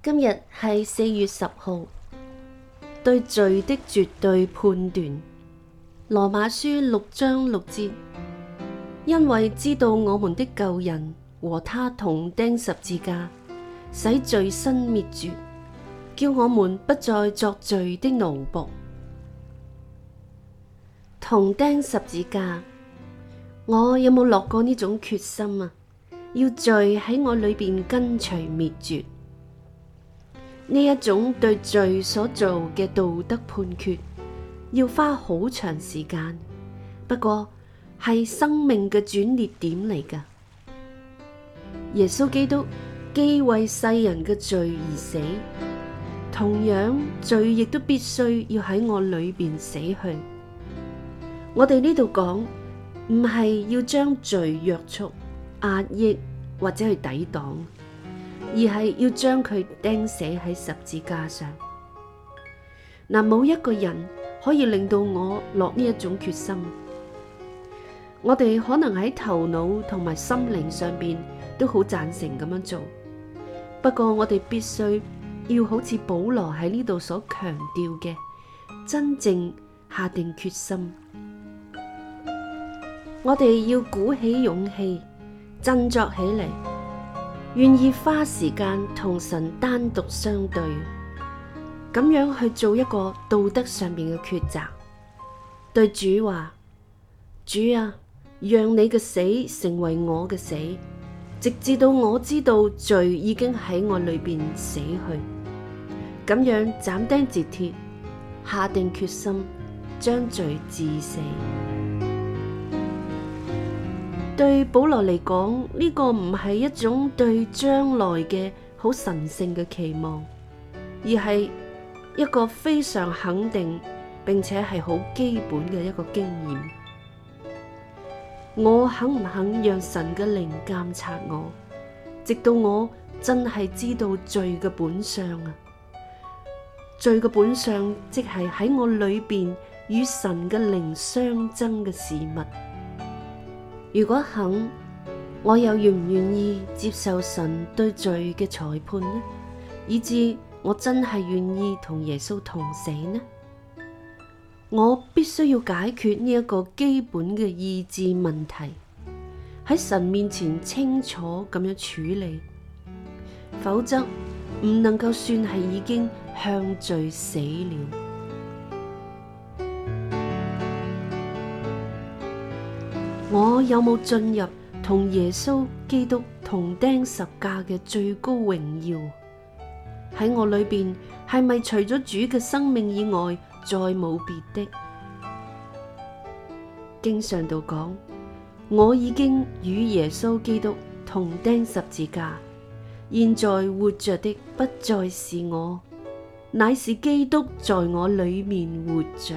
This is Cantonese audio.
今日係四月十號。對罪的絕對判斷，羅馬書六章六節。因為知道我們的舊人和他同釘十字架，使罪身滅絕，叫我們不再作罪的奴僕。同釘十字架，我有冇落過呢種決心啊？要罪喺我裏面跟隨滅絕。呢一種對罪所做嘅道德判決，要花好長時間。不過係生命嘅轉捩點嚟㗎。耶穌基督既為世人嘅罪而死，同樣罪亦都必須要喺我裏邊死去。我哋呢度講，唔係要將罪約束、壓抑或者去抵擋，而係要將佢釘死喺十字架上。嗱，冇一個人可以令到我落呢一種決心。我哋可能喺頭腦同埋心靈上邊都好讚成咁樣做，不過我哋必須要好似保羅喺呢度所強調嘅，真正下定決心。我哋要鼓起勇氣，振作起嚟。願意花時間同神單獨相對，咁樣去做一個道德上面嘅抉擇，對主話：主啊，讓你嘅死成為我嘅死，直至到我知道罪已經喺我裏邊死去，咁樣斬釘截鐵，下定決心將罪致死。對保羅嚟講，呢個唔係一種對將來嘅好神聖嘅期望，而係一個非常肯定並且係好基本嘅一個經驗。我肯唔肯讓神嘅靈監察我，直到我真係知道罪嘅本相啊！罪嘅本相即係喺我裏邊與神嘅靈相爭嘅事物。如果肯，我又願唔願意接受神對罪嘅裁判呢？以致我真係願意同耶穌同死呢？我必須要解決呢一個基本嘅意志問題，喺神面前清楚咁樣處理，否則唔能夠算係已經向罪死了。我有冇進入同耶穌基督同釘十架嘅最高榮耀？喺我裏邊係咪除咗主嘅生命以外，再冇別的？經常度講，我已經與耶穌基督同釘十字架，現在活着的不再是我，乃是基督在我裏面活着。